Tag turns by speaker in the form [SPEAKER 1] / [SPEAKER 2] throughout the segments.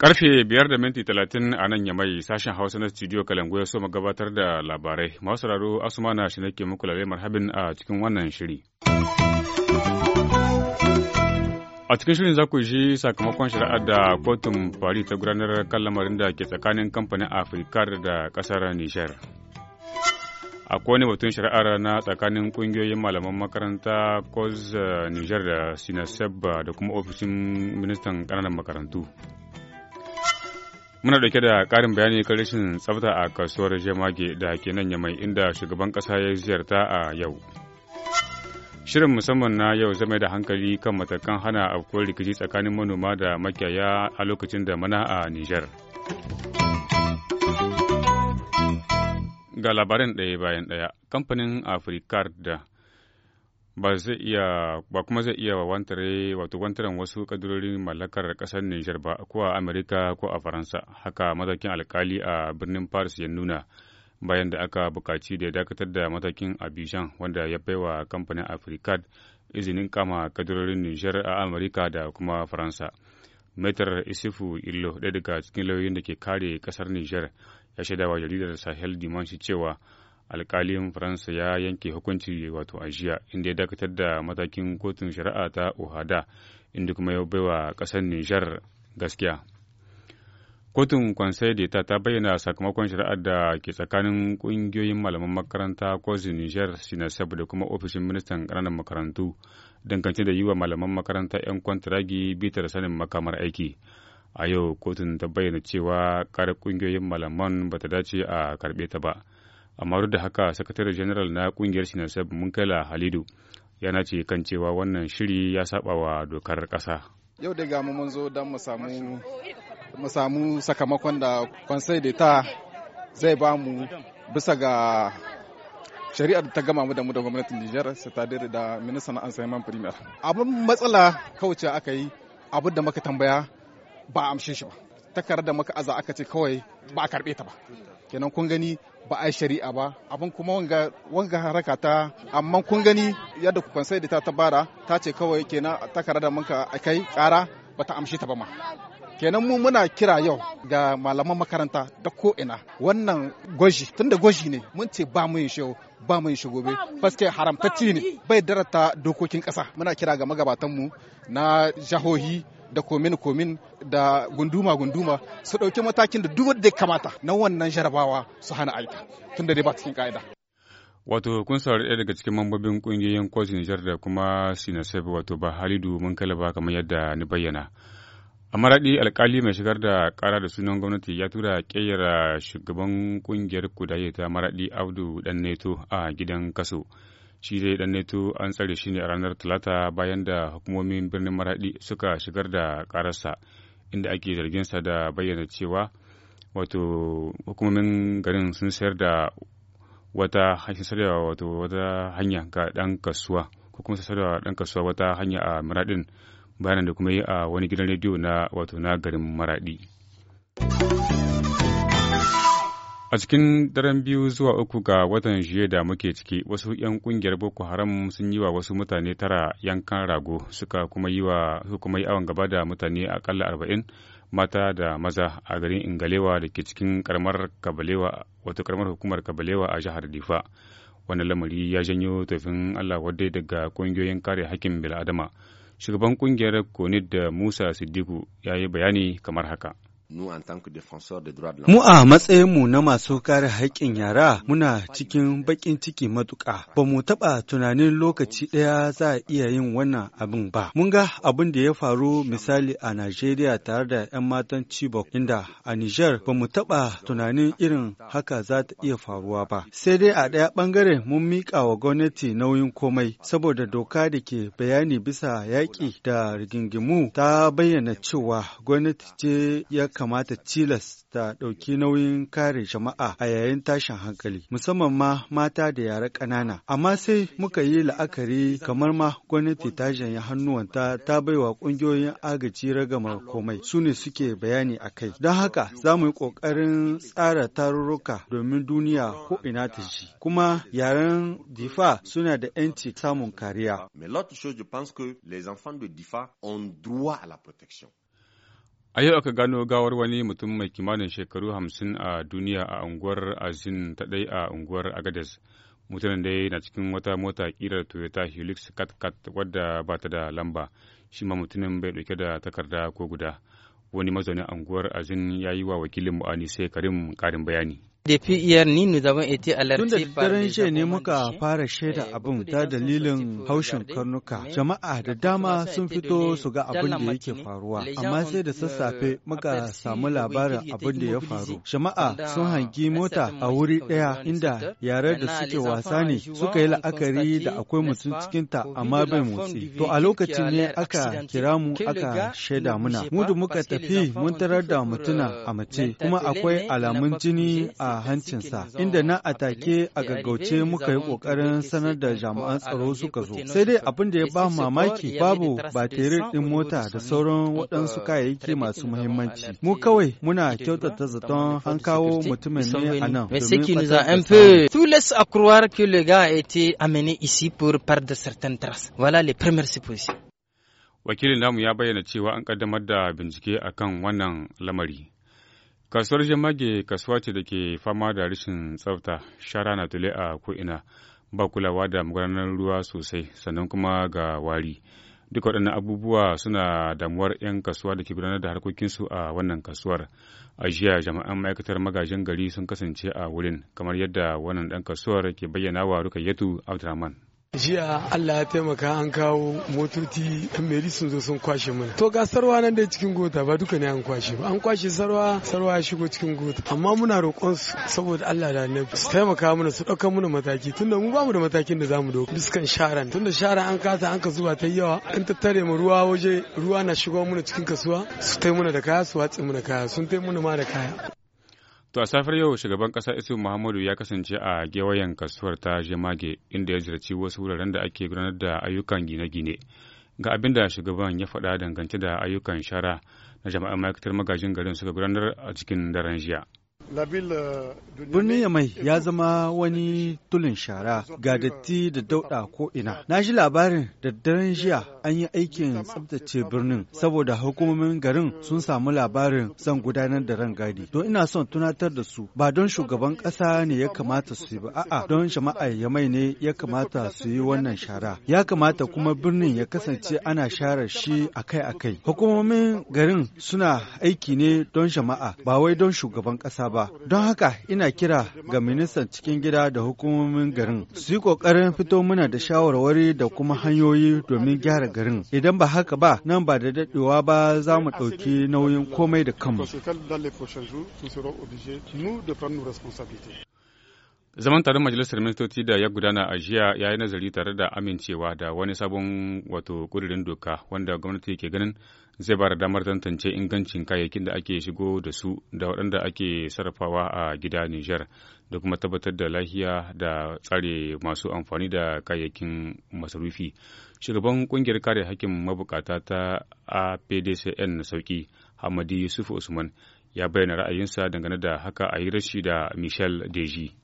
[SPEAKER 1] Karfe biyar da minti talatin a nan ya mai sashen Hausa na studio Kalangu ya so ma gabatar da labarai. Masu raro asuma na shi nake muku lalai marhabin a cikin wannan shiri. A cikin shirin za ku ji sakamakon shari'ar da kotun fari ta gudanar kan lamarin da ke tsakanin kamfanin Afirka da kasar Nijar. Akwai wani batun shari'ar na tsakanin ƙungiyoyin malaman makaranta COS eh, Nijar da Sinaseb eh, da kuma ofishin ministan ƙananan makarantu. Muna dauke da ƙarin bayani kan rashin tsafta a kasuwar Jemage da ke nan Yamai inda shugaban ƙasa ya ziyarta a yau. Shirin musamman na yau zama da hankali kan matakan hana afkuwar rikici tsakanin manoma da makiyaya a lokacin da mana a Nijar. Ga labarin ɗaya bayan ɗaya, kamfanin afrika da ba zai iya ba kuma zai iya wantare wato wantaren wasu kadurorin mallakar kasar Nijar ba ko a Amerika ko a Faransa haka mazakin alkali a birnin Paris ya nuna bayan da aka bukaci da ya dakatar da matakin abishan wanda ya baiwa kamfanin africad izinin kama kadirorin nijar a amurka da kuma faransa metar isifu illo ɗaya daga cikin lauyoyin da ke kare ƙasar nijar ya shaidawa jaridar sahel dimanshi cewa alkalin faransa ya yanke hukunci wato ajiya inda ya dakatar da matakin kotun shari'a ta ohada inda kuma ya baiwa kasar nijar gaskiya Kotun Conseil d'État ta bayyana sakamakon shari'ar da ke tsakanin ƙungiyoyin malaman makaranta Kwazin Niger Sinasab da kuma ofishin ministan ƙananan makarantu dangance da yi wa malaman makaranta 'yan kwantiragi bitar sanin makamar aiki. A yau kotun ta bayyana cewa ƙarar ƙungiyoyin malaman ba ta dace a karɓe ta ba. Amma duk da haka sakatare general na ƙungiyar Sinasab Munkela Halidu yana ce kan cewa wannan shiri ya saba wa dokar ƙasa.
[SPEAKER 2] yau dai ga mun zo don mu samu mu samu sakamakon da conseil d'etat zai ba mu bisa ga shari'ar ta gama mu da mu da gwamnatin Nijar sitadiri da ministan an sayan primer. Abin matsala kauce aka yi abin da muka tambaya ba a amshe shi ba. Takarar da muka aza aka ce kawai ba a karbe ta ba. Kenan kun gani ba a shari'a ba abin kuma wanga wanga haraka ta amma kun gani yadda kwansai da ta tabara ta ce kawai kenan takarar da muka akai kara bata amshe ta ba ma. kenan mu muna kira yau ga malaman makaranta da ko ina wannan gwaji tunda gwaji ne mun ce ba mu yin shehu ba mu yin shi gobe paske haramtacci ne bai darata dokokin kasa muna kira ga magabatanmu na jahohi da komin-komin da gunduma-gunduma su ɗauki matakin da duk da kamata na wannan jarabawa su hana aika tun dai ba cikin ka'ida.
[SPEAKER 1] Wato kun saurari ɗaya daga cikin mambobin ƙungiyoyin kwazin Nijar da kuma Sinasef wato ba Halidu mun kalaba kamar yadda ni bayyana. a maraɗi alkali mai shigar da ƙara da sunan gwamnati ya tura ƙeyar shugaban ƙungiyar kudaye ta maraɗi abdu dan neto a gidan kaso shi dai dan neto an tsare shi ne a ranar talata bayan da hukumomin birnin maraɗi suka shigar da ƙararsa inda ake zarginsa da bayyana cewa wato hukumomin garin sun sayar da wata hanya ga ɗan kasuwa ko kuma sayar da ɗan kasuwa wata hanya a maraɗin bayanan da kuma yi a wani gidan rediyo na wato na garin maradi a cikin daren biyu zuwa uku ga watan jiya da muke ciki wasu 'yan kungiyar boko haram sun yi wa wasu mutane tara yankan rago suka kuma yi wa awon gaba da mutane akalla arba'in mata da maza a garin ingalewa da ke cikin karamar kabalewa wato karamar hukumar kabalewa a jihar difa wani lamari ya janyo tafin allah wadda daga kungiyoyin kare hakkin bil'adama Shugaban kungiyar Konid da Musa sidiku ya yi bayani kamar haka. Mu
[SPEAKER 3] a matsayinmu na masu kare haƙƙin yara muna cikin baƙin ciki matuƙa. Ba mu taɓa tunanin lokaci ɗaya za a iya yin wannan abin ba. Mun ga abin da ya faru misali a Najeriya tare da 'yan matan Chibok inda a Nijar ba mu taɓa tunanin irin haka za ta iya faruwa ba. Sai dai a ɗaya ɓangare mun miƙa wa gwamnati nauyin komai saboda doka da ke bayani bisa yaƙi da rigingimu ta bayyana cewa gwamnati ce ya kamata tilas ta ɗauki nauyin kare jama'a a yayin tashin hankali, musamman ma mata da yara ƙanana. Amma sai muka yi la'akari kamar ma gwamnati ta janye hannuwanta ta baiwa ƙungiyoyin agaji ragamar komai su ne suke bayani a kai. Don haka za mu yi ƙoƙarin tsara tarurruka domin duniya ko ina ta ji. Kuma yaren difa suna da 'yanci samun kariya. Mais l'autre de DIFA ont droit la protection.
[SPEAKER 1] A yau aka gano gawar wani mutum mai kimanin shekaru hamsin a duniya a unguwar Azin ta ɗai a unguwar Agades. Mutumin dai na cikin wata mota ƙirar Toyota Hilux Cat wadda ba ta da lamba. Shi ma mutumin bai ɗauke da takarda ko guda. Wani mazaunin unguwar Azin ya yi wa wakilin mu'ani sai Karim ƙarin bayani. Tun da daren
[SPEAKER 3] jiya ne muka fara shaida eh, abin ta dalilin haushin karnuka. Jama'a da dama sun fito su ga abin da yake faruwa, amma sai da sassafe muka samu labarin abin da ya faru. Jama'a sun hangi mota a wuri ɗaya inda yare da suke wasa ne suka yi la'akari da akwai mutum cikinta amma bai motsi. To a lokacin ne aka kira mu aka shaida muna. Mudu muka tafi mun tarar da mutuna euh, a mace kuma akwai alamun jini a a hancinsa, inda na atake a gaggauce muka yi ƙoƙarin sanar da jami'an tsaro suka zo. Sai dai abin da ya ba mamaki babu batirin ɗin mota da sauran waɗansu kayayyaki masu muhimmanci. Mu kawai muna kyautata zaton
[SPEAKER 4] an kawo mutumin ne a nan.
[SPEAKER 1] wakilin namu ya bayyana cewa an kaddamar da bincike akan wannan lamari Kasuwar Jamage kasuwa ce da ke fama da rashin tsafta, shara na tule a ko'ina, ba kulawa da magudanar ruwa sosai, sannan kuma ga wari. Duk waɗannan abubuwa suna damuwar 'yan kasuwa da ke gudanar da harkokinsu a wannan kasuwar. A jiya jama'an ma'aikatar magajin gari sun kasance a wurin, kamar yadda wannan ɗan kasuwar ke bayyana wa Rukayyatu abdulrahman
[SPEAKER 3] jiya Allah ya taimaka an kawo motoci yan meri sun zo sun kwashe mana to ga sarwa nan da cikin gota ba duka ne an kwashe ba an kwashe sarwa sarwa ya shigo cikin gota amma muna roƙon su saboda Allah da annabi su taimaka mana su ɗaukar mana mataki tunda mu ba mu da matakin da za mu dauka biskan sharan tunda sharan an kasa an ka zuba ta yawa an tattare mu ruwa waje ruwa na shigo mana cikin kasuwa su taimuna da kaya su watsi mana kaya sun taimuna ma da kaya
[SPEAKER 1] To a safar yau shugaban kasa Isu Muhammadu ya kasance a gewayen kasuwar ta Jemage inda ya ziyarci wasu wuraren da ake gudanar da ayyukan gine-gine. Ga abin da shugaban ya faɗa dangance da ayyukan shara na jama'an ma'aikatar magajin garin suka gudanar a cikin daren jiya. Euh,
[SPEAKER 3] Birnin Yamai ya zama wani tulin shara ga datti euh, da dauɗa ko ina. Na ji labarin da daren jiya an yi aikin tsabtace birnin saboda hukumomin garin sun samu labarin zan gudanar da rangadi. Don ina son tunatar da su ba don shugaban ƙasa ne ya kamata su yi ba, a'a don jama'a ya mai ne ya kamata su yi wannan shara. Ya kamata kuma birnin ya kasance ana share shi akai-akai. Hukumomin garin suna aiki ne don jama'a ba wai don shugaban ƙasa ba. Don haka ina kira ga ministan cikin gida da hukumomin garin su yi ƙoƙarin fito muna da shawarwari da kuma hanyoyi domin gyara garin idan ba haka ba nan ba da daɗewa ba za mu ɗauki nauyin komai da kanmu
[SPEAKER 1] Zaman taron Majalisar Ministoci da ya gudana a jiya ya yi nazari tare da amincewa da wani sabon wato kudurin doka wanda gwamnati ke ganin zai ba da damar tantance ingancin kayayyakin da ake shigo da su da waɗanda ake sarrafawa a gida Nijar da kuma tabbatar da lahiya da tsare masu amfani da kayayyakin masarufi. Shugaban ƙungiyar kare hakkin mabukata ta APDCN sauki Hamadi Yusuf Usman ya bayyana ra'ayinsa dangane da haka a yi rashi da Michel Deji.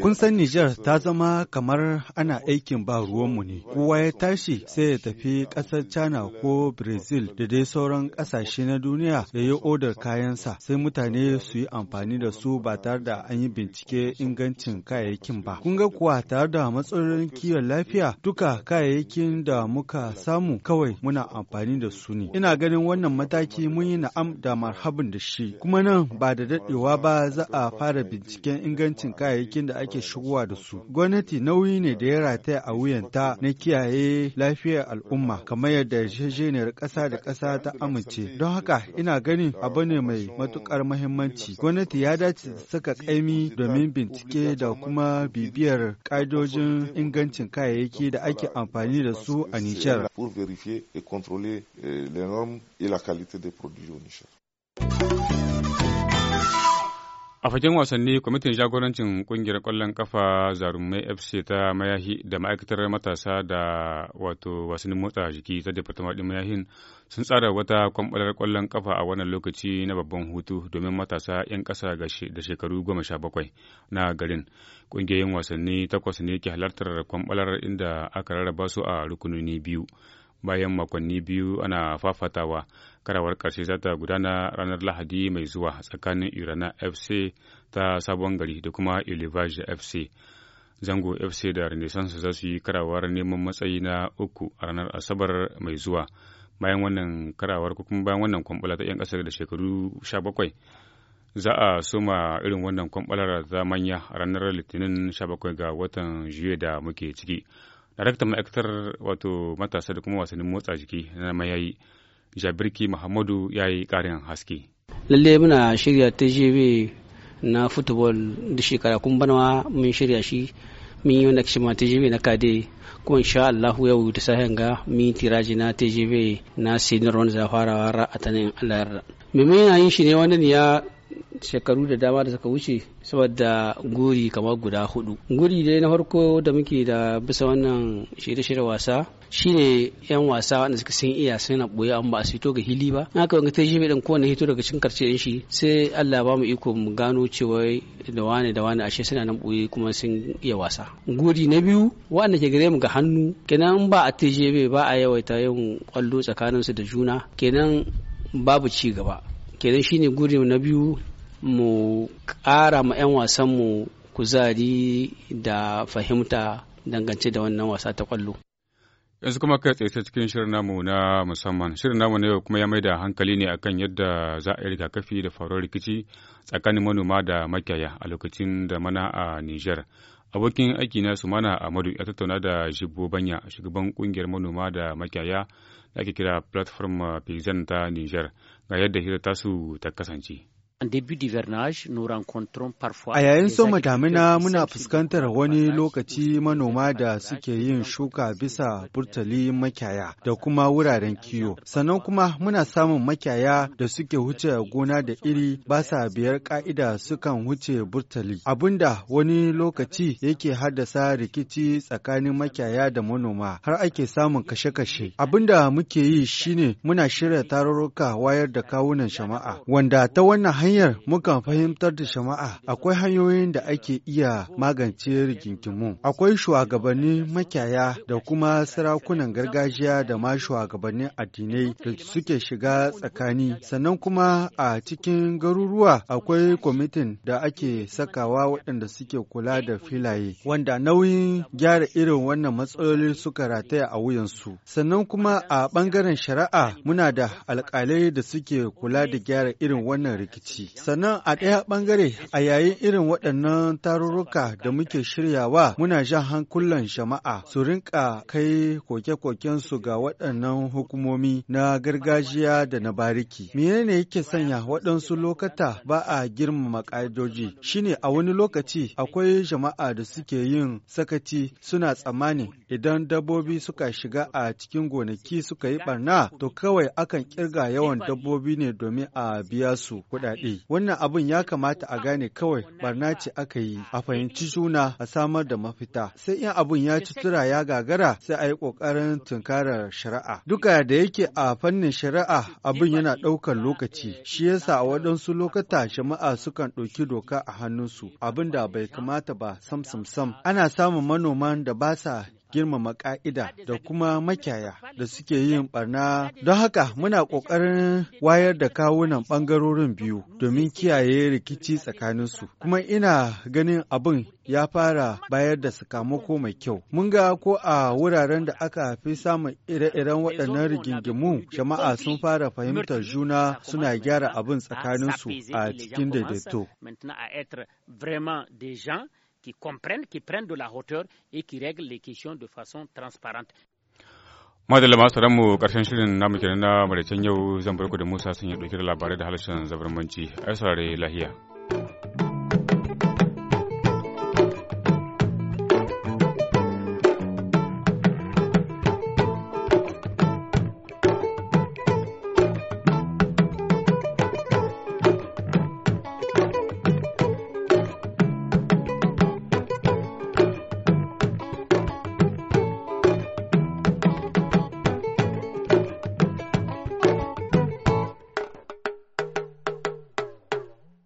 [SPEAKER 1] Kun san Nijar ta
[SPEAKER 3] zama kamar ana aikin ba ruwanmu ne, kowa ya tashi sai ya tafi ƙasar China ko Brazil da dai sauran ƙasashe na duniya da ya odar kayansa sai mutane su yi amfani da su ba tare da an yi bincike ingancin kayayyakin ba. Kun ga kuwa tare da matsalolin kiwon lafiya duka kayayyakin da muka samu kawai muna amfani da su ne. Ina ganin wannan mataki mun yi na'am da marhabin da shi, kuma nan ba da daɗewa ba za a fara binciken ingancin kayayyakin da ake shigowa da su. Gwamnati nauyi ne da ya rataya a wuyanta na kiyaye lafiyar al'umma kamar yadda yarjejeniyar ƙasa da ƙasa ta amince. Don haka ina ganin abu ne mai matuƙar mahimmanci. Gwamnati ya dace da saka kaimi domin bincike da kuma bibiyar ƙa'idojin ingancin kayayyaki da ake amfani da su a Nijar.
[SPEAKER 2] pour vérifier et contrôler euh, les normes et la Niger.
[SPEAKER 1] A fagen wasanni kwamitin jagorancin kungiyar kwallon kafa zarumai FC ta mayahi da ma'aikatar matasa da wato wasannin motsa jiki ta departamar ɗin mayahin sun tsara wata kwamɓalar kwallon kafa a wannan lokaci na babban hutu domin matasa 'yan ƙasa da shekaru goma sha bakwai na garin. Ƙungiyoyin wasanni takwas ne ke halartar kwamɓalar inda aka rarraba su a rukunoni biyu. bayan makonni biyu ana fafatawa karawar ƙarshe za ta gudana ranar lahadi mai zuwa tsakanin irana fc ta sabon gari da kuma ilivage fc zango fc da renaissance za su yi karawar neman matsayi na uku a ranar asabar mai zuwa bayan wannan karawar kuma bayan wannan kwambala ta 'yan ƙasar da shekaru 17 za a soma irin wannan kwambalar ta manya a ranar litinin 17 ga watan juye da muke ciki daraktan ma'aikatar wato matasa da kuma wasannin motsa jiki na mayayi jabirki muhammadu ya yi karin haske
[SPEAKER 4] lalle muna shirya tgv na football da shekara kun banawa mun shirya shi mun yi wanda ma tgv na kade kuma insha Allah yau da sahen ga mun tiraji na tgv na senior wanda za fara ra'atanin alayar mai yin shi ne wanda ya shekaru da dama da suka wuce saboda guri kamar guda hudu guri dai na farko da muke da bisa wannan shirye-shirye wasa shine yan wasa wanda suka sun iya suna boye an ba a fito ga hili ba na kawai ta jibe din kowane hito daga cikin karce shi sai Allah ba mu iko mu gano cewa da wane da wane ashe suna nan boye kuma sun iya wasa guri na biyu wanda ke gare mu ga hannu kenan ba a ta ba a yawaita yin kwallo su da juna kenan babu ci gaba kenan shine guri na biyu mu ƙara ma 'yan wasan mu kuzari da fahimta dangance da wannan wasa ta kwallo.
[SPEAKER 1] yanzu kuma kai tsaye cikin shirin namu na musamman shirin namu na yau kuma ya maida hankali ne akan yadda za a yi rigakafi da faruwar rikici tsakanin manoma da makiyaya a lokacin da mana a niger abokin aiki na su mana amadu ya tattauna da shibbo banya shugaban kungiyar manoma da makiyaya da ake kira platform uh, pixel ta Niger ga yadda hira tasu ta kasance. A yayin soma
[SPEAKER 3] damina muna fuskantar wani lokaci manoma da suke yin shuka bisa burtali makyaya da kuma wuraren kiwo. Sannan kuma muna samun makyaya da suke wuce gona da iri ba sa biyar ka'ida sukan wuce burtali. Abinda wani lokaci yake haddasa rikici tsakanin makyaya da manoma har ake samun kashe-kashe. Abinda muke yi shine muna shirya tarurruka wayar da kawunan shama'a wanda ta wannan hanyar hanyar muka fahimtar da shama'a akwai hanyoyin da ake iya magance rigingimu. Akwai shugabanni makyaya, da kuma sarakunan gargajiya da ma shugabannin addinai da suke shiga tsakani. Sannan kuma a cikin garuruwa akwai kwamitin da ake sakawa waɗanda suke kula da filaye, wanda nauyin gyara irin wannan matsaloli suka rataya a wuyansu. Sannan kuma a ɓangaren shari'a muna da alƙalai da suke kula da gyara irin wannan rikici. aiki. Sannan a ɗaya ɓangare a yayin irin waɗannan tarurruka da muke shiryawa muna jan hankulan jama'a su rinka kai koke-kokensu ga waɗannan hukumomi na gargajiya da na bariki. Menene yake sanya waɗansu lokata ba a girmama ƙa'idoji? Shine a wani lokaci akwai jama'a da suke yin sakati suna tsammani idan dabbobi suka shiga a cikin gonaki suka yi ɓarna, to kawai akan kirga yawan dabbobi ne domin a biya su kuɗaɗe. wannan abin ya kamata a gane kawai barna ce aka yi a fahimci juna a samar da mafita sai in abin ya ci tura ya gagara sai a yi ƙoƙarin tunkarar shari'a duka da yake a fannin shari'a abin yana ɗaukar lokaci shi yasa a waɗansu lokata jama'a sukan ɗauki doka a hannunsu abin da bai kamata ba sam sam sam ana samun manoman da ba sa girmama ƙa'ida da kuma makyaya da suke yin barna. Don haka muna ƙoƙarin wayar da kawunan ɓangarorin biyu domin kiyaye rikici tsakaninsu. Kuma ina ganin abin ya fara bayar da sakamako mai kyau. Mun ga ko a wuraren da aka fi samun ire-iren waɗannan rigingimu jama'a sun fara fahimtar juna suna gyara abin tsakaninsu a cikin
[SPEAKER 4] daidaito. qui comprennent, qui prennent de la hauteur et qui règlent les questions de façon transparente.